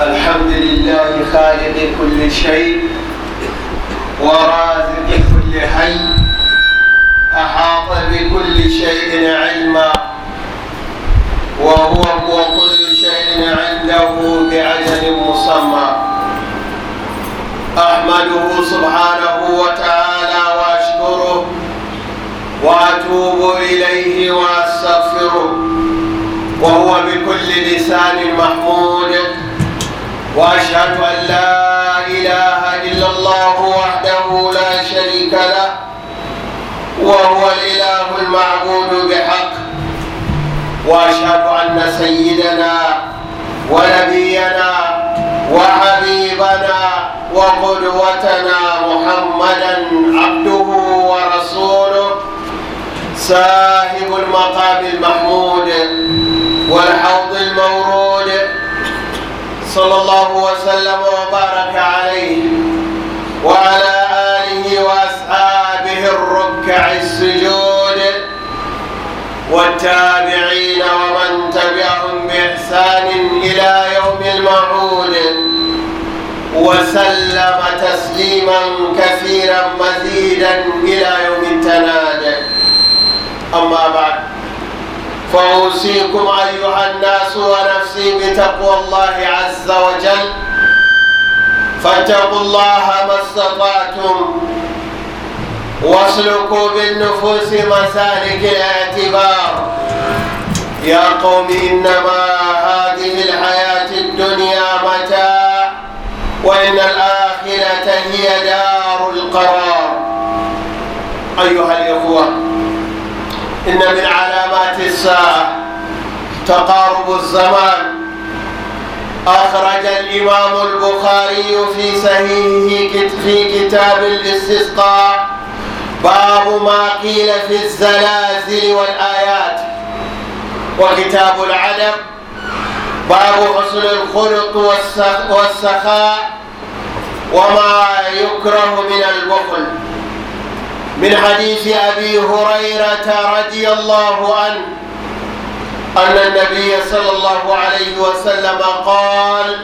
الحمد لله خالق كل شيء ورازق كل حي أحاط بكل شيء علما وهو وكل شيء عنده بعجل مسمى أحمده سبحانه وتعالى وأشكره وأتوب إليه وأستغفره وهو بكل لسان محمود وأشهد أن لا إله إلا الله وحده لا شريك له وهو الإله المعبود بحق وأشهد أن سيدنا ونبينا وحبيبنا وقدوتنا محمدا عبده ورسوله صاحب المقام المحمود والحوض المورود صلى الله وسلم وبارك عليه وعلى آله وأصحابه الركع السجود والتابعين ومن تبعهم بإحسان إلى يوم المعود وسلم تسليما كثيرا مزيدا إلى يوم التناد أما بعد وأوصيكم أيها الناس ونفسي بتقوى الله عز وجل فاتقوا الله ما استطعتم واسلكوا بالنفوس مسالك الاعتبار يا قوم إنما هذه الحياة الدنيا متاع وإن الآخرة هي دار القرار أيها الإخوة إن من علامات الساعة تقارب الزمان أخرج الإمام البخاري في سهيه في كتاب الاستسقاء باب ما قيل في الزلازل والآيات وكتاب العدم باب حسن الخلق والسخاء وما يكره من البخل من حديث أبي هريرة رضي الله عنه أن النبي صلى الله عليه وسلم قال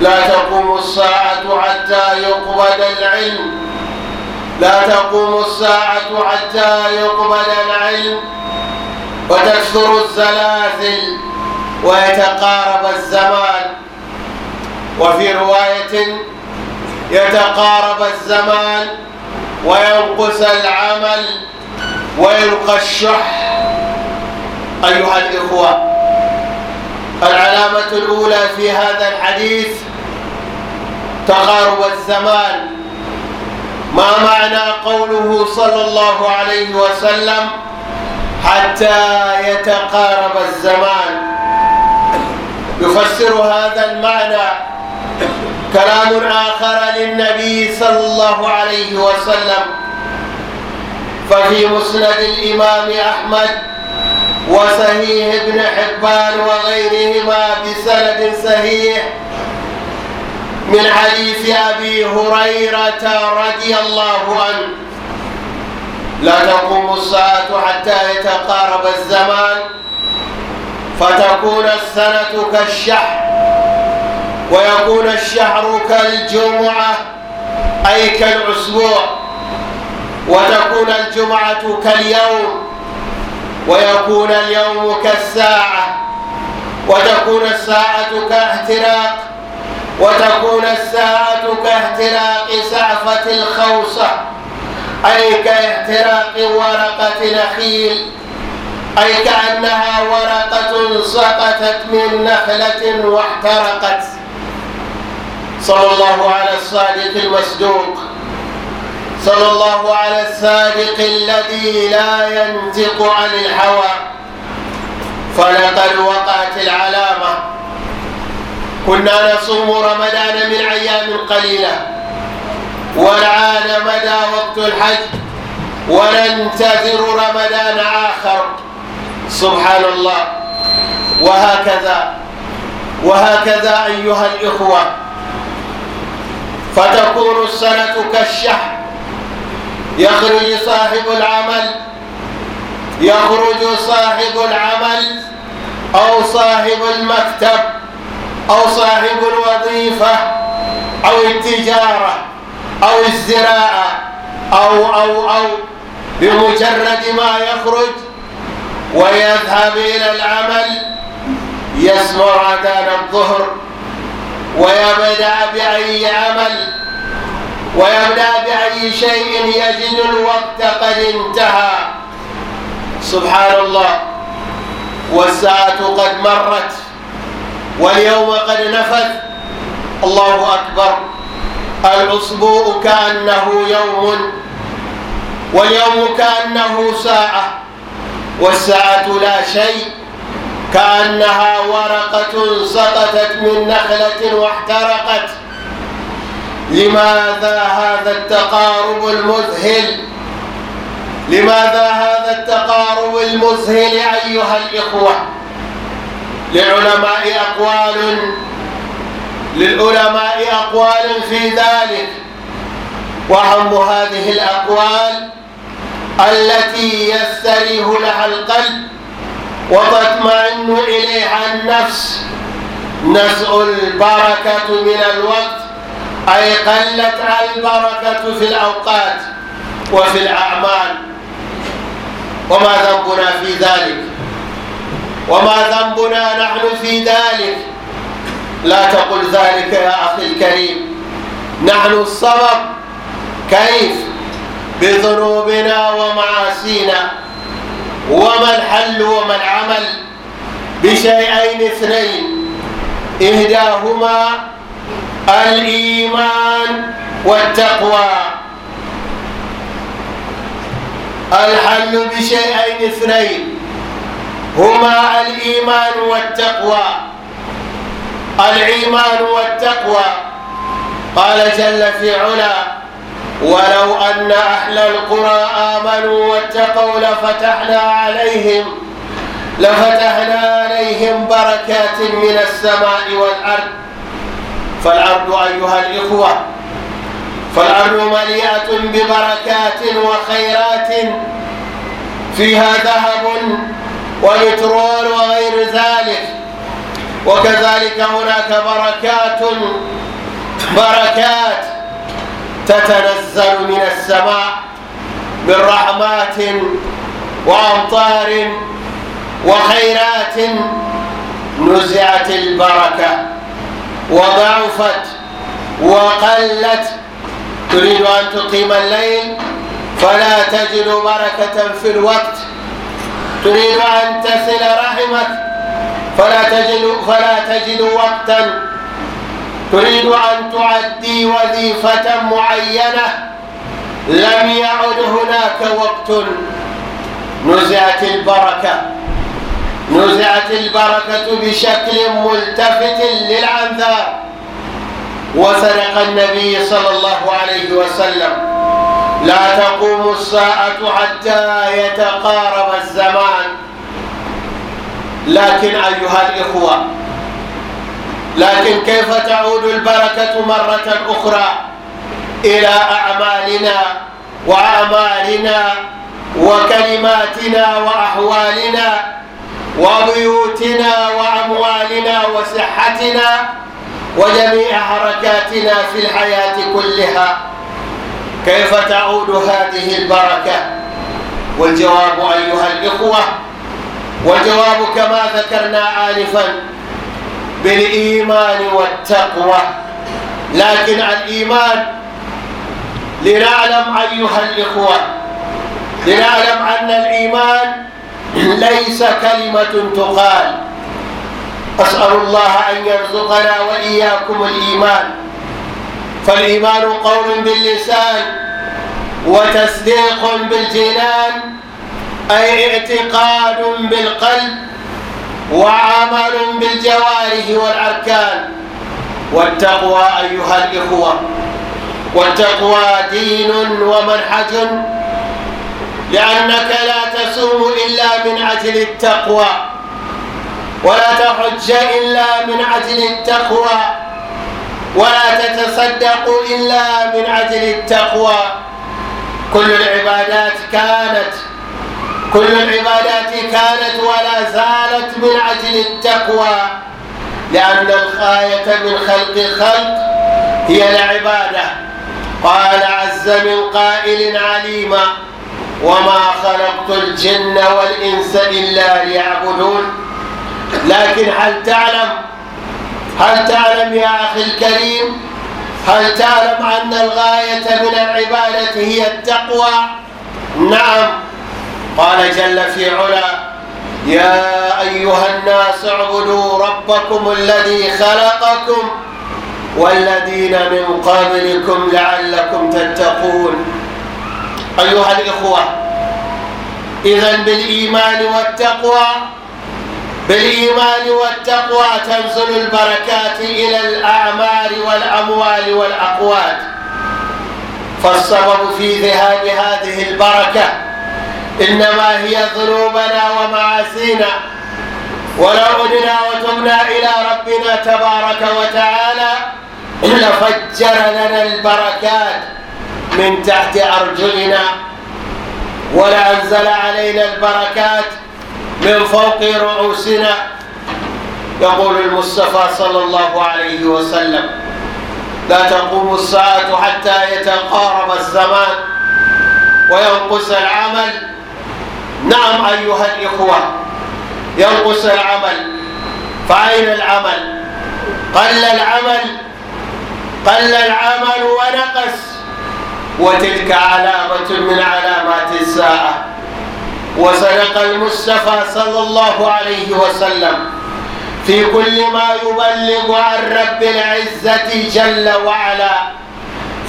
لا تقوم الساعة حتى يقبل العلم لا تقوم الساعة حتى يقبل العلم وتكثر الزلازل ويتقارب الزمان وفي رواية يتقارب الزمان وينقص العمل ويلقى الشح أيها الإخوة العلامة الأولى في هذا الحديث تقارب الزمان ما معنى قوله صلى الله عليه وسلم حتى يتقارب الزمان يفسر هذا المعنى كلام آخر للنبي صلى الله عليه وسلم ففي مسند الإمام أحمد وصحيح ابن حبان وغيرهما بسند صحيح من حديث أبي هريرة رضي الله عنه لا تقوم الساعة حتى يتقارب الزمان فتكون السنة كالشهر ويكون الشهر كالجمعة أي كالأسبوع وتكون الجمعة كاليوم ويكون اليوم كالساعة وتكون الساعة كاحتراق وتكون الساعة كاحتراق سعفة الخوصة أي كاحتراق ورقة نخيل أي كأنها ورقة سقطت من نخلة واحترقت صلى الله على الصادق المصدوق صلى الله على السابق الذي لا ينطق عن الهوى فلقد وقعت العلامة كنا نصوم رمضان من أيام قليلة والعان مدى وقت الحج وننتظر رمضان آخر سبحان الله وهكذا وهكذا أيها الإخوة فتكون السنة كالشهر يخرج صاحب العمل يخرج صاحب العمل أو صاحب المكتب أو صاحب الوظيفة أو التجارة أو الزراعة أو أو أو بمجرد ما يخرج ويذهب إلى العمل يسمع أذان الظهر ويبدأ بأي عمل ويعنى بأي شيء يجد الوقت قد انتهى سبحان الله والساعة قد مرت واليوم قد نفذ الله أكبر الأسبوع كأنه يوم واليوم كأنه ساعة والساعة لا شيء كأنها ورقة سقطت من نخلة واحترقت لماذا هذا التقارب المذهل لماذا هذا التقارب المذهل أيها الإخوة للعلماء أقوال للعلماء أقوال في ذلك وأهم هذه الأقوال التي يستريح لها القلب وتطمئن إليها النفس نزع البركة من الوقت أي قلت البركة في الأوقات وفي الأعمال وما ذنبنا في ذلك وما ذنبنا نحن في ذلك لا تقل ذلك يا أخي الكريم نحن السبب كيف بذنوبنا ومعاصينا وما الحل وما العمل بشيئين اثنين إهداهما الإيمان والتقوى الحل بشيئين اثنين هما الإيمان والتقوى الإيمان والتقوى قال جل في علا ولو أن أهل القرى آمنوا واتقوا لفتحنا عليهم لفتحنا عليهم بركات من السماء والأرض فالأرض أيها الإخوة فالأرض مليئة ببركات وخيرات فيها ذهب وبترول وغير ذلك وكذلك هناك بركات بركات تتنزل من السماء من رحمات وأمطار وخيرات نزعت البركه وضعفت وقلت تريد أن تقيم الليل فلا تجد بركة في الوقت تريد أن تصل رحمك فلا تجد, فلا تجد وقتا تريد أن تؤدي وظيفة معينة لم يعد هناك وقت نزعت البركة نزعت البركة بشكل ملتفت للعنذار وسرق النبي صلى الله عليه وسلم لا تقوم الساعة حتى يتقارب الزمان لكن أيها الإخوة لكن كيف تعود البركة مرة أخرى إلى أعمالنا وأعمالنا وكلماتنا وأحوالنا وبيوتنا وأموالنا وصحتنا وجميع حركاتنا في الحياة كلها كيف تعود هذه البركة والجواب أيها الإخوة والجواب كما ذكرنا آلفا بالإيمان والتقوى لكن الإيمان لنعلم أيها الإخوة لنعلم أن الإيمان ليس كلمة تقال أسأل الله أن يرزقنا وإياكم الإيمان فالإيمان قول باللسان وتصديق بالجنان أي اعتقاد بالقلب وعمل بالجوارح والأركان والتقوى أيها الإخوة والتقوى دين ومنحج لأنك لا تصوم إلا من عجل التقوى ولا تحج إلا من عجل التقوى ولا تتصدق إلا من عجل التقوى كل العبادات كانت كل العبادات كانت ولا زالت من عجل التقوى لأن الغاية من خلق الخلق هي العبادة قال عز من قائل عليما وما خلقت الجن والإنس إلا ليعبدون لكن هل تعلم هل تعلم يا أخي الكريم هل تعلم أن الغاية من العبادة هي التقوى نعم قال جل في علا يا أيها الناس اعبدوا ربكم الذي خلقكم والذين من قبلكم لعلكم تتقون أيها الإخوة إذا بالإيمان والتقوى بالإيمان والتقوى تنزل البركات إلى الأعمال والأموال والأقوات فالسبب في ذهاب هذه البركة إنما هي ذنوبنا ومعاصينا ولو عدنا وتبنا إلى ربنا تبارك وتعالى لفجر لنا البركات من تحت أرجلنا ولا أنزل علينا البركات من فوق رؤوسنا يقول المصطفى صلى الله عليه وسلم لا تقوم الساعة حتى يتقارب الزمان وينقص العمل نعم أيها الإخوة ينقص العمل فأين العمل قل العمل قل العمل ونقص وتلك علامة من علامات الساعة وصدق المصطفى صلى الله عليه وسلم في كل ما يبلغ عن رب العزة جل وعلا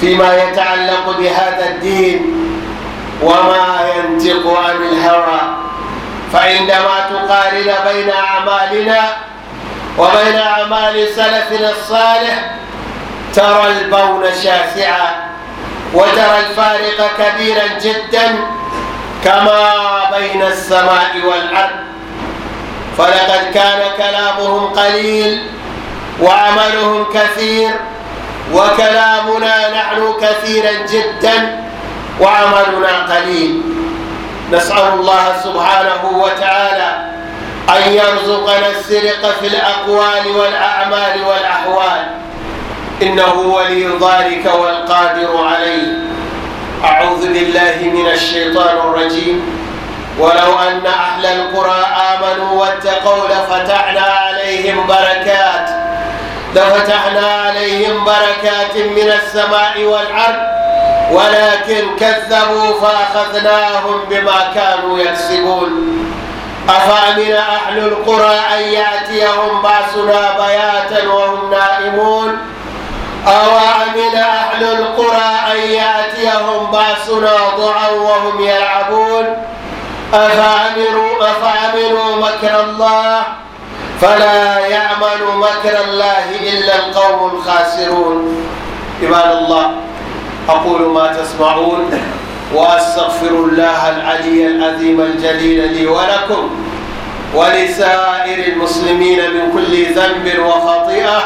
فيما يتعلق بهذا الدين وما ينطق عن الهوى فعندما تقارن بين أعمالنا وبين أعمال سلفنا الصالح ترى البون شاسعا وترى الفارق كبيرا جدا كما بين السماء والأرض فلقد كان كلامهم قليل وعملهم كثير وكلامنا نحن كثيرا جدا وعملنا قليل نسأل الله سبحانه وتعالى أن يرزقنا السرقة في الأقوال والأعمال والأحوال إنه ولي ذلك والقادر عليه أعوذ بالله من الشيطان الرجيم ولو أن أهل القرى آمنوا واتقوا لفتحنا عليهم بركات لفتحنا عليهم بركات من السماء والأرض ولكن كذبوا فأخذناهم بما كانوا يكسبون أفأمن أهل القرى أن يأتيهم بأسنا بياتا وهم نائمون أو عمل أهل القرى أن يأتيهم بأسنا ضعا وهم يلعبون أفعملوا, أفعملوا مكر الله فلا يعمل مكر الله إلا القوم الخاسرون عباد الله أقول ما تسمعون وأستغفر الله العلي العظيم الجليل لي ولكم ولسائر المسلمين من كل ذنب وخطيئة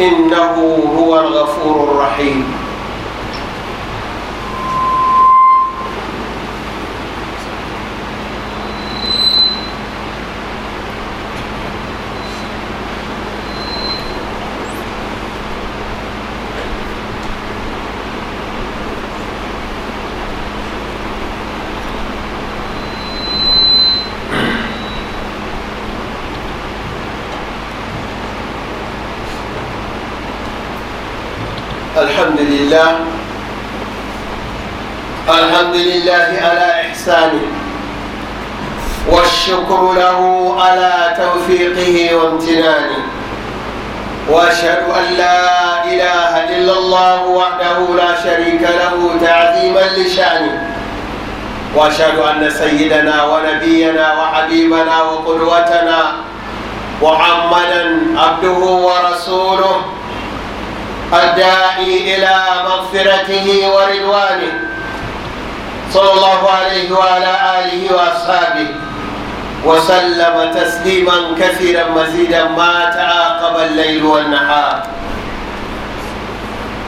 إنه هو الغفور الرحيم الحمد لله الحمد لله على إحسانه والشكر له على توفيقه وامتنانه وأشهد أن لا إله إلا الله وحده لا شريك له تعظيما لشأنه واشهد ان سيدنا ونبينا وحبيبنا وقدوتنا محمدا عبده ورسوله الداعي إلى مغفرته ورضوانه صلى الله عليه وعلى آله وأصحابه وسلم تسليما كثيرا مزيدا ما تعاقب الليل والنهار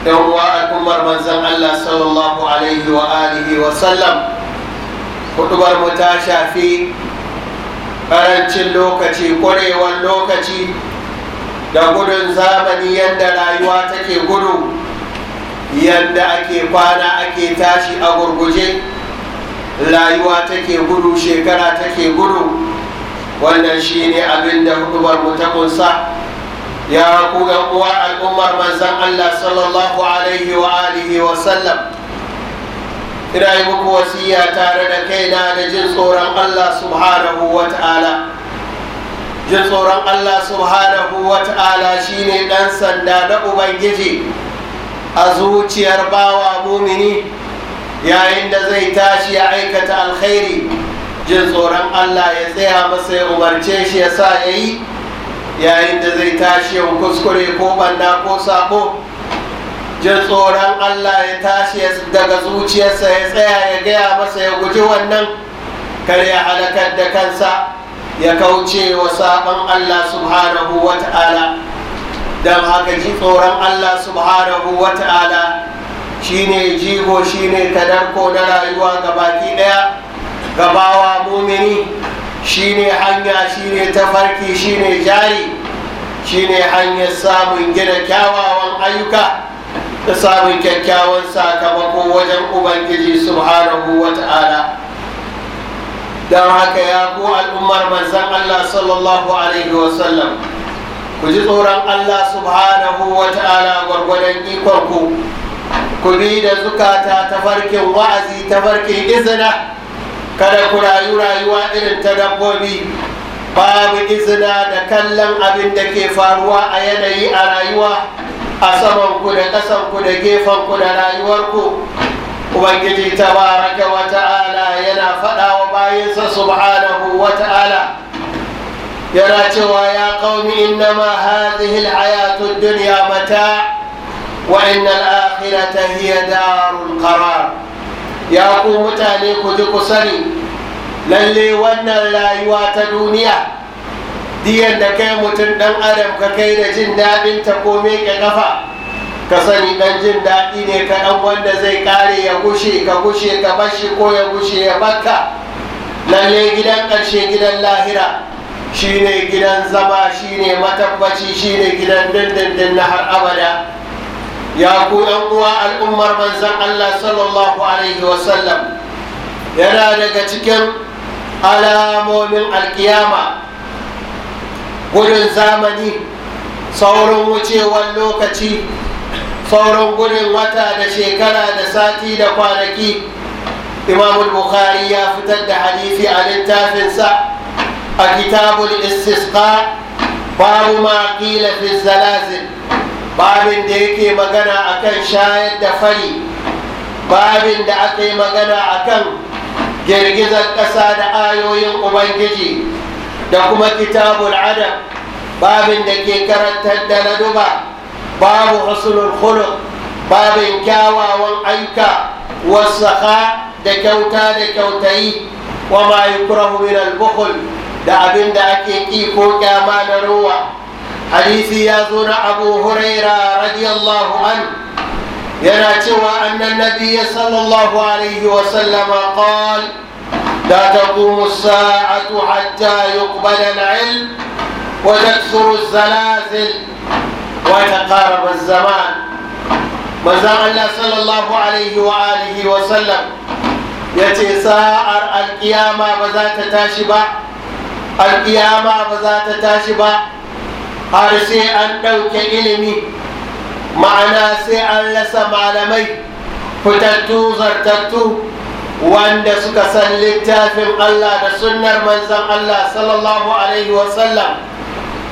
يوم وأكبر منزل الله صلى الله عليه وآله وسلم kudubar mu في أرنش ƙarancin lokaci ƙwarewar da gudun zamani yadda rayuwa take gudu yadda ake kwana ake tashi a gurguje rayuwa take gudu shekara take gudu wannan shine abin da hudubar mu ta kunsa ya ku ga uwa al'ummar manzan Allah sallallahu alaihi wa alihi wa sallam ina yi muku wasiya tare da kaina da jin tsoron Allah subhanahu wa ta'ala jin tsoron Allah subhanahu wa ta'ala shine ɗan sanda na Ubangiji a zuciyar bawa mumini yayin da zai tashi ya aikata alkhairi jin tsoron Allah ya tsaya masa ya umarce shi ya sa ya yi yayin da zai tashi ya kuskure ko banda ko sako jin tsoron Allah ya tashi daga zuciyarsa ya tsaya ya gaya masa ya guji wannan kar ya halakar da kansa ya kauce wa sabon Allah subhanahu wa ta'ala don haka ji tsoron Allah subhanahu wa ta'ala shine jigo shine tadarko na rayuwa gabaki daya gabawa mumini shine hanya shine tafarki shine jari shine hanyar samun gina kyawawan ayyuka da samun kyakkyawan sakamako wajen ubangiji subhanahu wa ta'ala don haka ya ku al'ummar manzan Allah sallallahu alaihi wasallam ku ji tsoron Allah subhanahu wa ta'ala gwargwadon ikonku ku bi da zukata ta farkin wa'azi ta farkin izina kada ku rayu rayuwa irin ta dabbobi babu izina da kallon abin da ke faruwa a yanayi a rayuwa a samanku da ƙasanku da gefenku da rayuwarku ubangiji tabaraka wa ta'ala yana faɗa wa bayansa subhanahu wa ta'ala yana cewa ya qaumi innama hadhihi alhayatu ad-dunya mata' wa inna al-akhirata hiya darul qarar ya ku mutane ku ji ku sani lalle wannan rayuwa ta duniya diyan da kai mutum dan adam ka kai da jin daɗin ta ko miƙe kafa ka sani dan jin daɗi ne kaɗan wanda zai kare ya gushe ka gushe ka bashi ko ya gushe ya bakka lalle gidan ƙarshe gidan lahira shine gidan zama shine matabbaci shine gidan dindindin na har abada ya ku yan uwa al'ummar manzan Allah sallallahu alaihi wasallam yana daga cikin alamomin alkiyama gudun zamani saurin wucewar lokaci sauran gurin wata da shekara da sati da kwanaki imam bukhari ya fitar da hadisi a littafinsa a kitabul istisqa babu ma qila fi zalazil babin da yake magana akan shayar da fari babin da aka yi magana akan girgizar ƙasa da ayoyin ubangiji da kuma kitabul adam babin da ke karantar da na duba باب حسن الخلق باب كاوى والايكا والسخاء دكوتا دكوتاي وما يكره من البخل دعبن دعكيكي فوكا ما نروى حديثي يظن ابو هريره رضي الله عنه يرى توى ان النبي صلى الله عليه وسلم قال لا تقوم الساعه حتى يقبل العلم وتكثر الزلازل وإذا قارب الزمان مزار الله صلى الله عليه وآله وسلم يتساءر القيامة بذات تاشبا القيامة بذات تاشبا هارسي أن دوك إلمي معنا سي أن لس معلمي فتتو زرتتو وأند سكسن للتافم الله دسنر منزم الله صلى الله عليه وسلم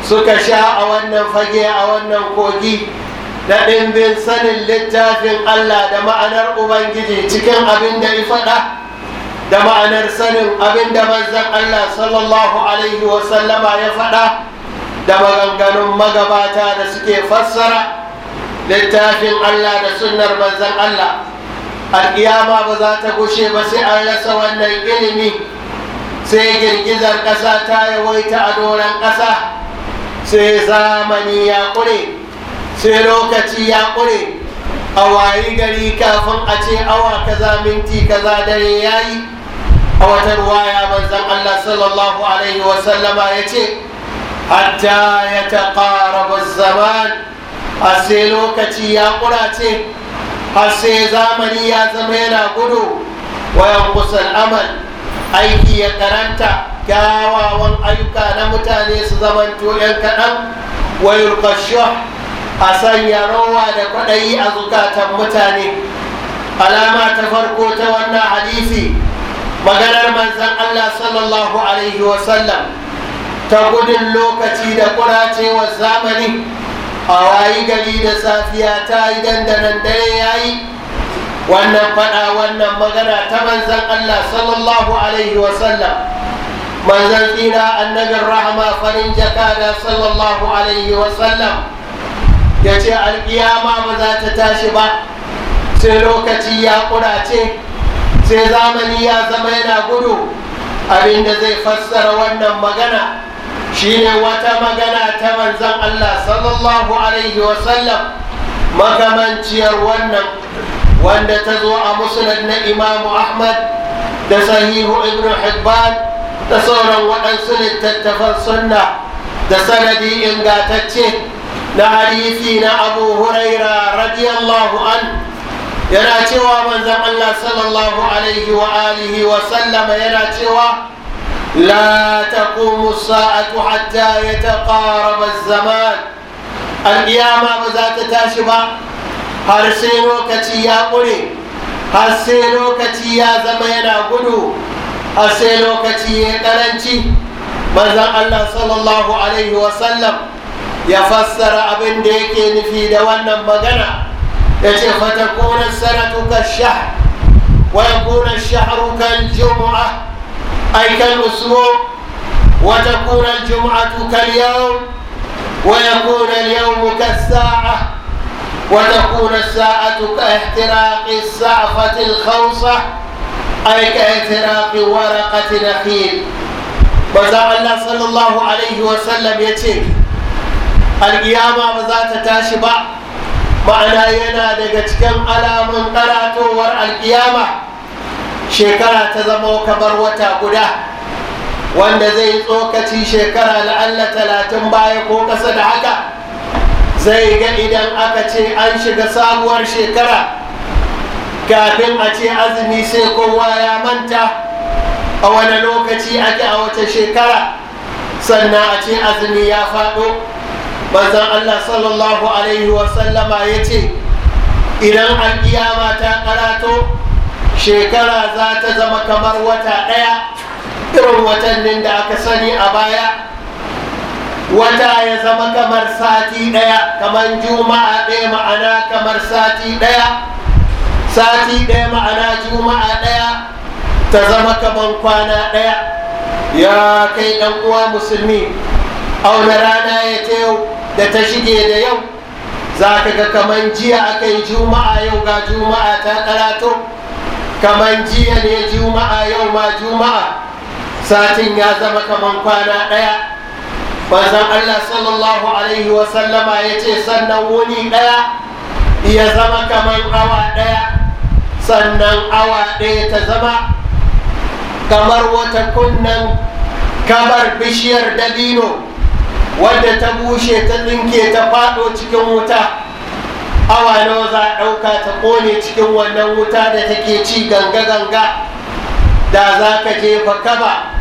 suka sha a wannan fage a wannan kogi da ɗimbin sanin littafin Allah da ma'anar Ubangiji cikin abin da faɗa da ma'anar sanin abin da manzan Allah sallallahu Alaihi wasallama ya faɗa da maganganun magabata da suke fassara littafin Allah da sunnar manzan Allah al'iyama ba za ta gushe ba sai an rasa wannan ilimi sai girgizar ƙasa ta yawaita a doron ƙasa sai zamani ya ƙure sai lokaci ya ƙure a wayi gari kafin a ce awa kaza minti kaza dare ya yi a wata ruwaya manzan Allah sallallahu alaihi wasallama ya ce hatta ya taƙaraba zaman a sai lokaci ya ƙurace har sai zamani ya zama yana gudu wayan kusan amal aiki ya karanta kyawawan ayyuka na mutane su zamanto 'yan kaɗan wayul kashuh a sanya rowa da kwaɗayi a zukatan mutane alama ta farko ta wannan hadisi maganar manzan Allah sallallahu alaihi wasallam ta gudun lokaci da kuracewar zamani a wayi gari da safiya ta yi dandanan dare ya yi wannan faɗa wannan magana ta manzan Allah sallallahu alaihi wasallam ما زلتنا أن جرهما فرنجا كان صلى الله عليه وسلم يتي القيامة مذا تتاشبا سلوكة يا قناتي سيزامن يا زمينا قدو أبين دزي فسر ونن مغنى شين وتا مغنى تمن زم الله صلى الله عليه وسلم مغمان تير ونن وان تزوى مسند إمام أحمد دسهيه ابن حبان da sauran waɗansu littattafan sunna da sanadi ingantacce na hadisi na abu huraira radiyallahu an yana cewa manzan allah sallallahu alaihi wa alihi wa sallama yana cewa لا تقوم الساعة حتى يتقارب الزمان القيامة بذات تاشبا هرسينو كتيا قولي هرسينو كتيا زمينا قلو har sai lokaci ya karanci manzan Allah sallallahu alaihi wasallam ya fassara abin da yake nufi da wannan magana ya ce fatakunan sanatu ka shah wa yakuna shahru kan jumu'a ay kan usbu wa takuna al-jum'atu kal yawm wa yakuna al-yawmu kas-sa'a وتكون الساعة كاحتراق السعفة الخوصة عليك اعتراق ورقة نخيل وزار الله صلى الله عليه وسلم يتيك القيامة وزارة تاشبع معنا ينا دقت كم على من قرأت ورع القيامة شكرا تزمو كبر وتأكده وان زي توكتي شكرا لعل تلا تنبايك وكسد حكا زي قائدا أكتي أنشق صاب ورشكرا شكرا kafin a ce azumi sai kowa ya manta a wani lokaci ake a wata shekara sannan a ce azumi ya faɗo manzan allah sallallahu alaihi wasallama ya ce idan al'iyama ta karato shekara za ta zama kamar wata ɗaya irin watannin da aka sani a baya wata ya zama kamar sati ɗaya kamar juma'a ɗaya ma'ana kamar sati ɗaya sati ɗaya ma'ana juma'a ɗaya ta zama kaman kwana ɗaya ya kai ɗan uwa musulmi auna rana ya ta yau da ta shige da yau za ka ga kaman jiya aka yi juma'a yau ga juma'a ta karatu kaman jiya ne juma'a yau ma juma'a satin ya zama kaman kwana ɗaya bazan allah sallallahu alaihi wasallama ya ce sannan wuni ɗaya ya zama kaman awa ɗaya sannan awa ɗaya ta zama kamar wata kunnan kamar bishiyar dabino wadda ta bushe ta tsinke ta faɗo cikin wuta awa nawa za a ɗauka ta ƙone cikin wannan wuta da take ci ganga-ganga da za ka jefa kaba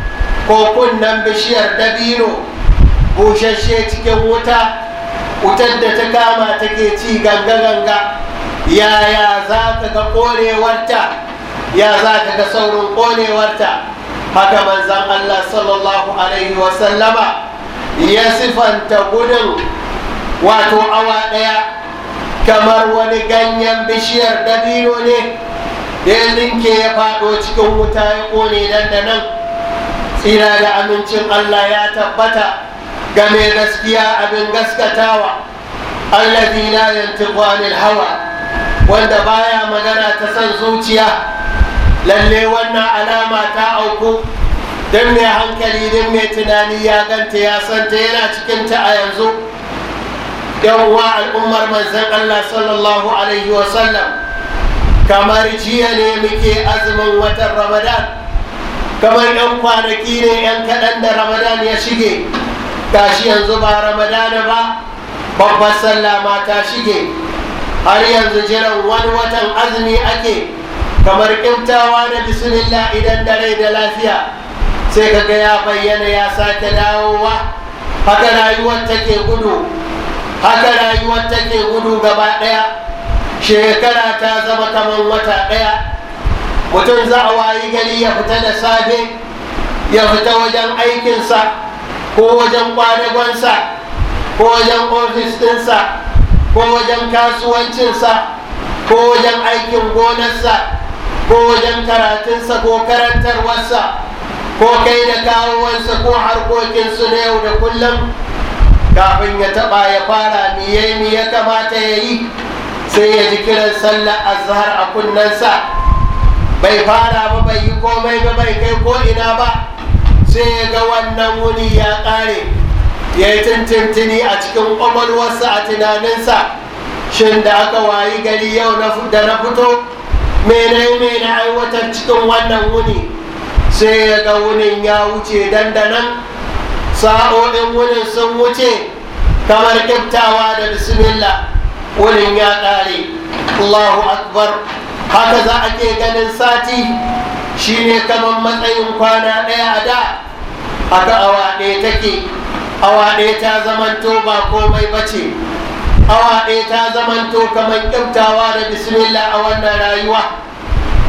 ko kunnen bishiyar dabino bushashe cikin wuta wutar da ta kama take ci ganga-ganga يا يا ذاك قولي ورتا يا ذاك تصور قولي ورتا haka manzan Allah sallallahu Alaihi wasallama ya sifanta gudun wato awa ɗaya kamar wani ganyen bishiyar dabino ne ya ninke ya faɗo cikin wuta ya ƙone nan da nan tsira da amincin Allah ya tabbata game gaskiya abin gaskatawa allazi la yantiqu anil hawa wanda baya magana ta san zuciya lalle wannan alama ta auku dan mai hankali dan mai tunani ya ganta ya santa yana cikin ta a yanzu yan uwa al'ummar manzon Allah sallallahu alaihi wa sallam kamar jiya ne muke azumin watan ramadan kamar yan kwanaki ne yan kaɗan da ramadan ya shige tashi yanzu ba ramadana ba babbar sallah ma shige har yanzu jiran wani watan azumi ake kamar kimtawa na bisimillah idan dare da lafiya sai kaga ya bayyana ya sake dawowa haka rayuwar take gudu haka rayuwar take gudu gaba ɗaya shekara ta zama kamar wata ɗaya mutum za a wayi gari ya fita da safe ya fita wajen aikinsa ko wajen kwadagonsa ko wajen ofis ko wajen kasuwancinsa ko wajen aikin gonarsa ko wajen karatunsa ko karantarwarsa ko kai da kawowarsa ko harkokinsu na yau da kullum kafin ya taɓa ya fara miye ya kamata ya yi sai ya ji kiran sallar azhar a kunnensa bai fara ba bai yi komai ba bai kai ko ina ba sai ya ga wannan wuni ya kare. ya yi tintintini a cikin ƙwaƙwalwarsa a tunaninsa shin da aka wayi gari yau da na fito mene mene aiwatar cikin wannan wuni sai ya ga wunin ya wuce dandanan sa'o'in wunin sun wuce kamar kyautawa da bismillah wunin ya ƙare allahu akbar haka za a ke ganin sati shine kamar matsayin kwana ɗaya a da aka awa ɗaya take awa ɗaya ta zamanto ba komai ba ce awa ɗaya ta zamanto kamar kyautawa da bismillah a wannan rayuwa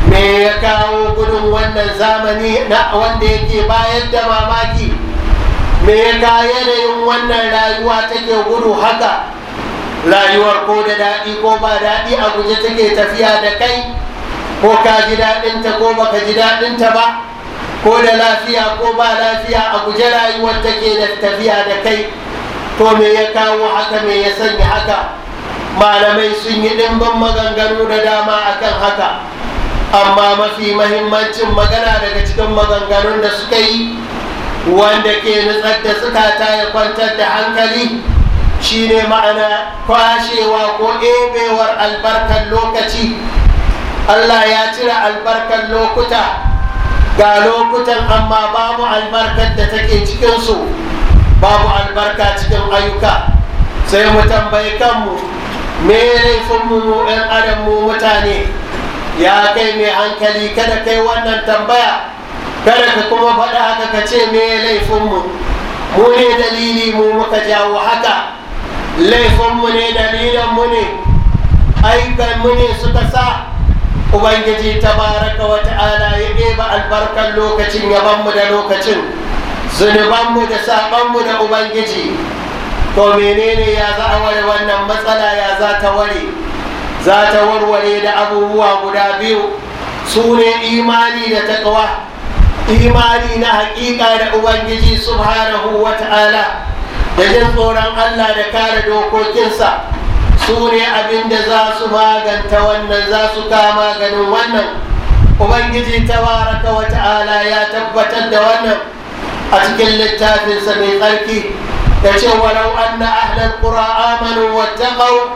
me ya kawo gudun wannan zamani na wanda yake bayar da mamaki me ya ka yanayin wannan rayuwa take gudu haka rayuwar ko da daɗi ko ba daɗi a guje take tafiya da kai ko ka ji daɗinta ko baka ji daɗinta ba ko da lafiya ko ba lafiya a guji rayuwar take da tafiya da kai to me ya kawo haka me ya sanya haka malamai sun yi ɗimbin maganganu da dama akan haka amma mafi mahimmancin magana daga cikin maganganun da suka yi wanda ke nutsar da zukata ya kwantar da hankali shine ma'ana kwashewa ko ebewar albarkar lokaci allah ya cire albarkar lokuta ga lokutan amma babu albarkar da take cikinsu babu albarka cikin ayyuka sai mu tambayi kanmu me laifinmu mu ɗan adam mu mutane ya kai mai hankali kada kai wannan tambaya kada ka kuma faɗa haka ka ce me laifinmu mu ne dalili mu muka jawo haka laifinmu ne dalilanmu ne ayyukanmu ne suka sa ubangiji tabaraka wa ta'ala ya ɗeba albarkar lokacin yabanmu da lokacin zunubanmu da saƙonmu da ubangiji to menene ya za a ware wannan matsala ya za ta ware za ta warware da abubuwa guda biyu su ne imani da taƙawa imani na haƙiƙa da ubangiji subhanahu wa ta'ala da jin tsoron allah da kare dokokinsa su ne abin da za su maganta wannan za su kama ganin wannan ubangiji tabaraka wa ta'ala ya tabbatar da wannan a cikin littafinsa mai tsarki da ce walau anna ahlal qura amanu wattaqau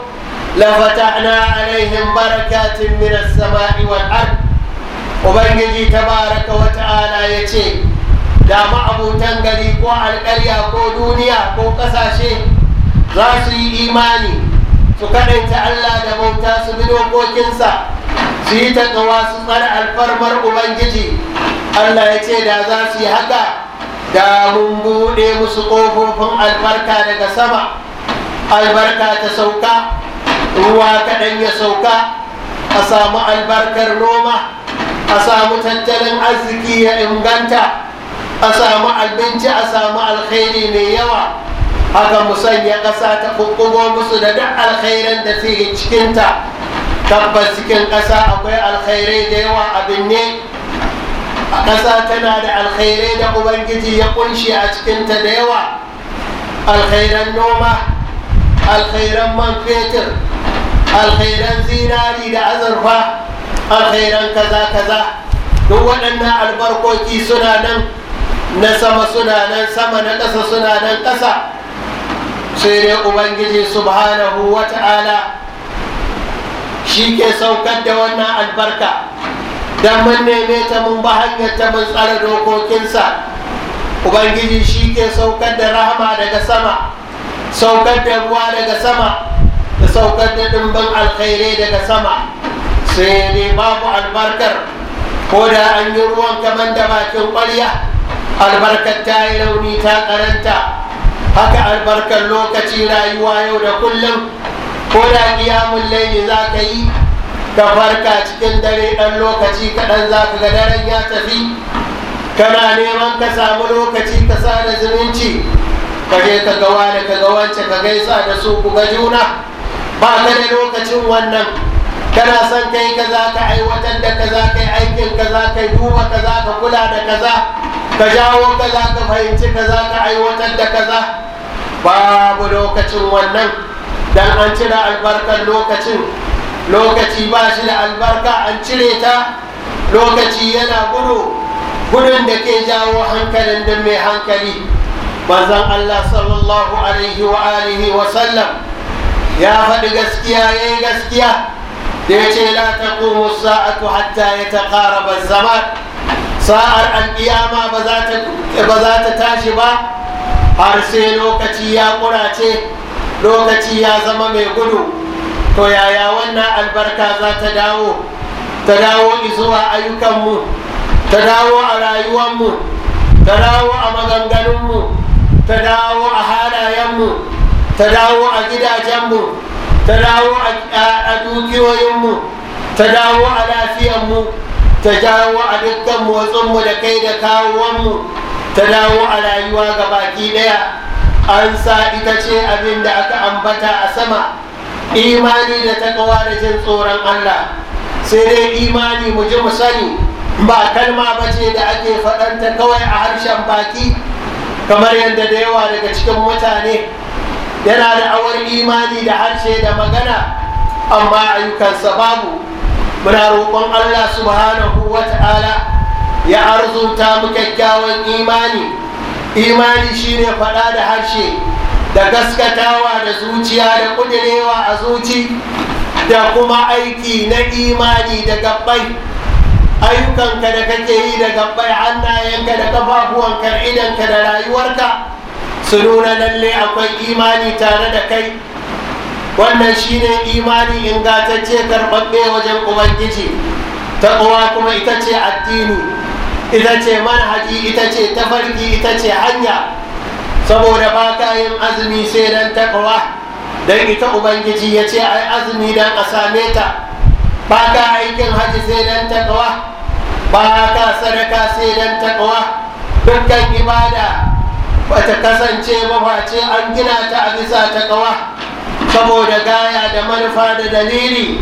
lafatahna alaihim barakatin min as-sama'i wal ard ubangiji tabaraka wa ta'ala ya ce da ma'abutan gari ko alƙarya ko duniya ko ƙasashe za su yi imani su kaɗaita Allah da bauta su bi dokokinsa su yi taƙawa su tsara alfarmar Ubangiji Allah ya ce da za su yi haka da mun buɗe musu ƙofofin albarka daga sama albarka ta sauka ruwa kaɗan ya sauka a samu albarkar noma a samu tattalin arziki ya inganta a samu abinci a samu alkhairi mai yawa haka mu sanya ƙasa ta kukkugo musu da duk alkhairan da suke cikinta tabbas cikin ƙasa akwai alkhairai da yawa abin ne a ƙasa tana da alkhairai da ubangiji ya kunshi a cikinta da yawa alkhairan noma alkhairan man fetur alkhairan zinari da azurfa alkhairan kaza kaza duk waɗannan albarkoki suna nan na sama suna nan sama na ƙasa suna nan ƙasa sai dai ubangiji subhanahu wa ta'ala shi ke saukar da wannan albarka don mun neme ta mun ba hanyar ta mun tsara dokokinsa ubangiji shi ke saukar da rahama daga sama saukar da ruwa daga sama da saukar da dimbin alkhairai daga sama sai dai babu albarkar ko da an yi ruwan kamar da bakin kwarya albarkar ta yi rauni ta karanta haka albarkar lokaci rayuwa yau da kullum ko da kiyamun laili za ka yi ka farka cikin dare ɗan lokaci kaɗan za ka ga daren ya tafi kana neman ka samu lokaci ka sada zumunci ka je ka ga wani ka ga wance ka gaisa da su ku ga juna ba ka da lokacin wannan kana son kai kaza ka aiwatar da kaza kai aikin kaza kai duba kaza ka kula da kaza ka jawo kaza ka fahimci kaza ka aiwatar da kaza babu lokacin wannan dan an cire albarkar lokacin lokaci ba shi da albarka an cire ta lokaci yana gudu gudun da ke jawo hankalin da mai hankali manzon Allah sallallahu alaihi wa alihi wa sallam ya faɗi gaskiya ya yi gaskiya يأتي لا تقوم الساعة حتى يتقارب الزمان sa'ar alƙiyama ba za ta tashi ba har sai lokaci ya ƙurace lokaci ya zama mai gudu to yaya wannan albarka za ta dawo ta dawo zuwa ayyukanmu ta dawo a rayuwanmu ta dawo a maganganunmu ta dawo a halayenmu ta dawo a gidajenmu تلاو أدوكي ويمو تلاو على فيمو تجاو أدكم وصم لكي دكاو تلاو على يواغ باكي ليا أنسى إتشي أبين دعك أنبتا أسما إيماني لتقوى رجل صورا الله سيري إيماني مجم سني ba kalma ba ce da ake faɗanta kawai a harshen baki kamar yadda da yawa daga cikin mutane yana da awar imani da harshe da magana amma ayyukansa babu muna roƙon Allah subhanahu wa ta'ala ya arzunta mu kyakkyawan imani imani shine faɗa da harshe da gaskatawa da zuciya da ƙudurewa a zuci da kuma aiki na imani da gabbai ayyukanka da kake yi da gabbai hannayenka da kafafuwanka idanka da rayuwarka su nuna lalle akwai imani tare da kai wannan shine imani ingantacce karɓaɓɓe wajen ubangiji ta uwa kuma ita ce addini ita ce manhaji ita ce tafarki ita ce hanya saboda ba ta yin azumi sai don takawa don ita ubangiji ya ce a yi azumi don a same ta ba ka aikin haji sai don takawa ba ka sadaka sai don takawa dukkan ibada bata kasance ba face an gina ta a bisa ta kawa saboda gaya da manufa da dalili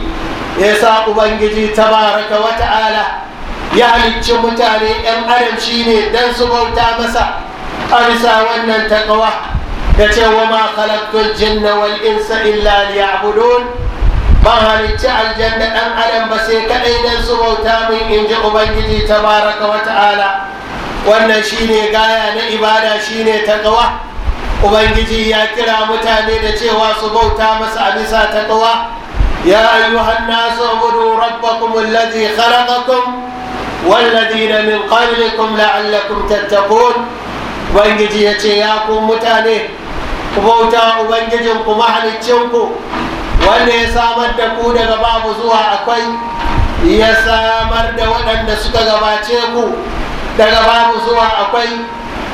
ya sa ubangiji tabaraka wa ta'ala ya halicci mutane 'yan adam shine don su bauta masa a bisa wannan takawa da ce wa ma khalaqtul jinna wal insa illa liya'budun ban halicci aljanna dan adam ba sai kadai don su bauta min inji ubangiji tabaraka wa ta'ala wannan shine gaya na ibada shine taqwa ubangiji ya kira mutane da cewa su bauta masa a bisa taqwa ya ayyuhan nasu ubudu rabbakum alladhi khalaqakum walladhina min qablikum la'allakum tattaqun ubangiji ya ce ya ku mutane ku bauta ubangijin ku mahaliccin ku wanda ya samar da ku daga babu zuwa akwai ya samar da waɗanda suka gabace ku daga babu zuwa akwai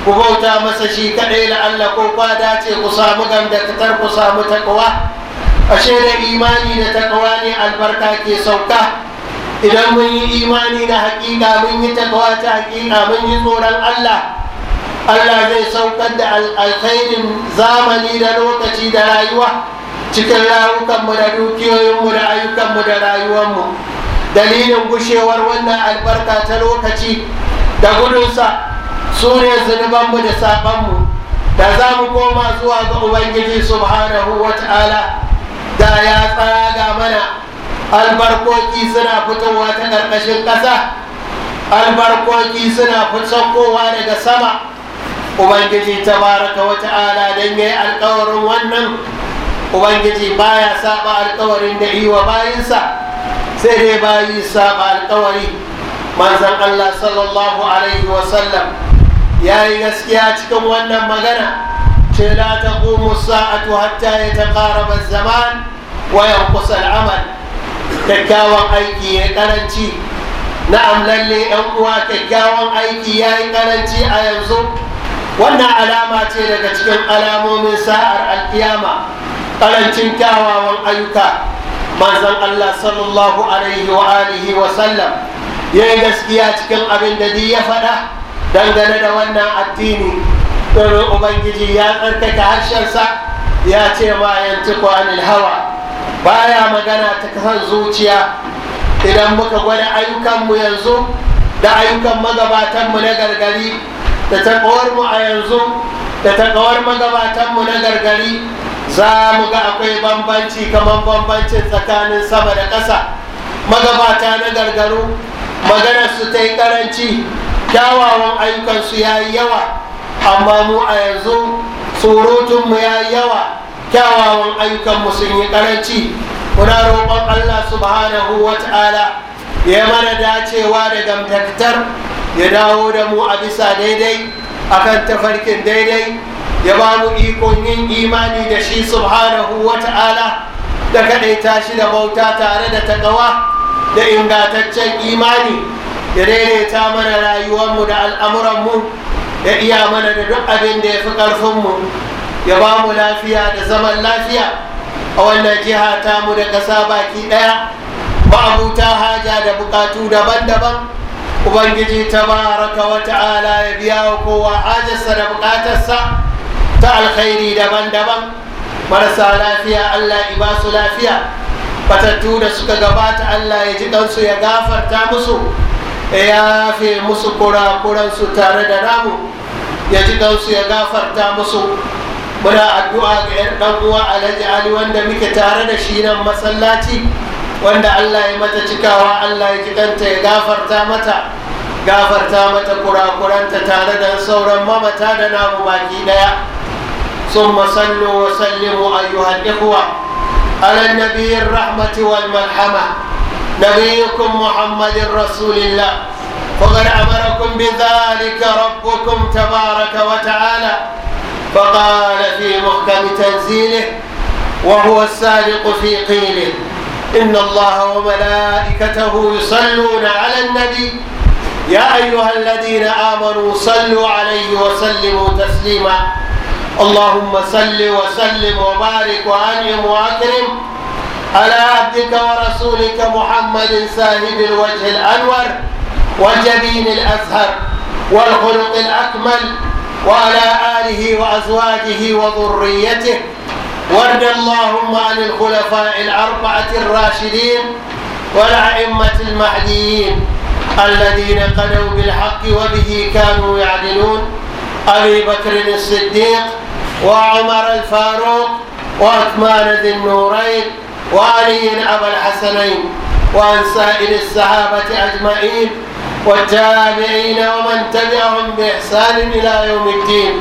ku bauta masa shi kaɗai la'alla ko kwa dace ku samu gamdakatar ku samu takawa ashe da imani da takawa ne albarka ke sauka idan mun yi imani da haƙiƙa mun yi takawa ta haƙiƙa mun yi tsoron allah Allah zai saukar da alkhairin zamani da lokaci da rayuwa cikin rawukanmu da dukiyoyinmu da ayyukanmu da rayuwanmu dalilin gushewar wannan albarka ta lokaci da gudunsa su ne zunubanmu da sabanmu da za mu koma zuwa ga ubangiji subhanahu wa ta'ala da ya tsaga mana albarkoki suna fitowa ta ƙarƙashin ƙasa albarkoki suna fitowa daga sama ubangiji tabaraka wa ta'ala don ya yi alƙawarin wannan ubangiji baya saba alƙawarin da yi wa bayinsa sai dai bayi saba alƙawari manzan Allah sallallahu alaihi wasallam ya yi gaskiya cikin wannan magana ce la ta ƙumu sa'atu hatta ya az-zaman wa yanqus al amal kyakkyawan aiki ya karanci na'am lalle yan uwa kyakkyawan aiki ya yi karanci a yanzu wannan alama ce daga cikin alamomin sa'ar alkiyama karancin kyawawan ayyuka manzan Allah sallallahu alaihi wa alihi wa sallam ya yi gaskiya cikin abin da ya faɗa dangane da wannan addini domin ubangiji ya tsarkake harshensa ya ce ma yantiku anil hawa baya magana ta kasan zuciya idan muka gwada ayyukanmu yanzu da ayyukan magabatanmu na gargari da taƙawarmu a yanzu da taƙawar magabatanmu na gargari za mu ga akwai bambanci kamar bambancin tsakanin sama da ƙasa magabata na gargaru maganarsu ta yi karanci kyawawan ayyukansu ya yi yawa amma mu a yanzu surutunmu ya yi yawa kyawawan ayyukanmu sun yi karanci Kuna roƙon allah subhanahu wa ta'ala ya mana dacewa da gamtaktar ya dawo da mu a bisa daidai a kan tafarkin daidai ya ba mu ikon yin imani da shi subhanahu wa ta'ala da kaɗaita shi da bauta tare da taƙawa da ingantaccen imani ya daidaita mana rayuwarmu da al'amuranmu ya iya mana da duk abin da ya fi ƙarfinmu ya ba mu lafiya da zaman lafiya a wannan jiha tamu da ƙasa baki ɗaya ma'abuta haja da buƙatu daban-daban ubangiji tabaraka wa ta'ala ya biya wa kowa hajarsa da buƙatarsa ta alkhairi daban-daban marasa lafiya allah ibasu lafiya fatattu da suka gabata Allah ya ji kansu ya gafarta musu ya yafe musu kurakuransu tare da namu ya ji kansu ya gafarta musu muna addu'a ga yan dan uwa Alhaji Ali wanda muke tare da shi nan masallaci wanda Allah ya mata cikawa Allah ya kikanta ya gafarta mata gafarta mata kurakuranta tare da sauran mamata da namu baki ɗaya sun صلوا sallimu ayyuhan ikuwa على النبي الرحمة والملحمة نبيكم محمد رسول الله وقد أمركم بذلك ربكم تبارك وتعالى فقال في محكم تنزيله وهو السابق في قيله إن الله وملائكته يصلون على النبي يا أيها الذين آمنوا صلوا عليه وسلموا تسليما اللهم صل وسلم وبارك وانعم واكرم على عبدك ورسولك محمد صاحب الوجه الانور والجبين الازهر والخلق الاكمل وعلى اله وازواجه وذريته وارض اللهم عن الخلفاء الاربعه الراشدين والائمه المهديين الذين قدوا بالحق وبه كانوا يعدلون أبي بكر الصديق وعمر الفاروق وعثمان ذي النورين وعلي أبا الحسنين وعن سائر الصحابة أجمعين والتابعين ومن تبعهم بإحسان إلى يوم الدين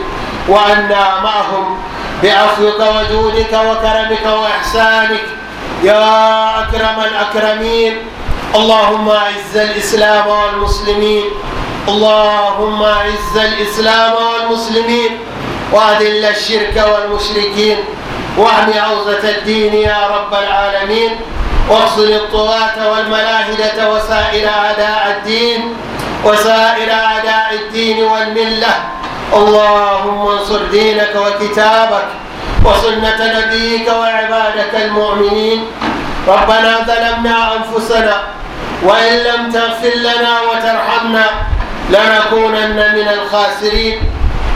وعنا معهم بعفوك وجودك وكرمك وإحسانك يا أكرم الأكرمين اللهم أعز الإسلام والمسلمين اللهم اعز الإسلام والمسلمين وأذل الشرك والمشركين واعم عوزة الدين يا رب العالمين واخزل الطغاة والملاهدة وسائر أعداء الدين وسائر أعداء الدين والملة اللهم انصر دينك وكتابك وسنة نبيك وعبادك المؤمنين ربنا ظلمنا أنفسنا وإن لم تغفر لنا وترحمنا لنكونن من الخاسرين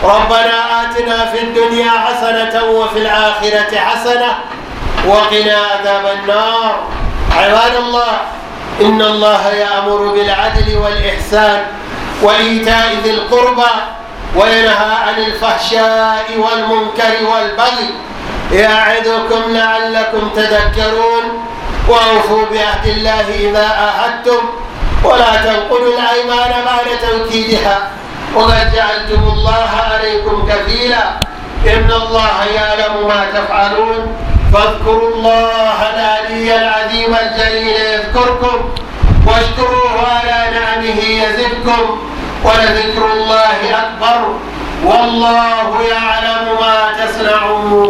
ربنا آتنا في الدنيا حسنة وفي الآخرة حسنة وقنا عذاب النار عباد الله إن الله يأمر بالعدل والإحسان وإيتاء ذي القربى وينهى عن الفحشاء والمنكر والبغي يعدكم لعلكم تذكرون وأوفوا بعهد الله إذا أهدتم ولا تنقلوا الايمان بعد توكيدها وقد جعلتم الله عليكم كفيلا ان الله يعلم ما تفعلون فاذكروا الله العلي العظيم الجليل يذكركم واشكروه على نعمه يزدكم ولذكر الله اكبر والله يعلم ما تصنعون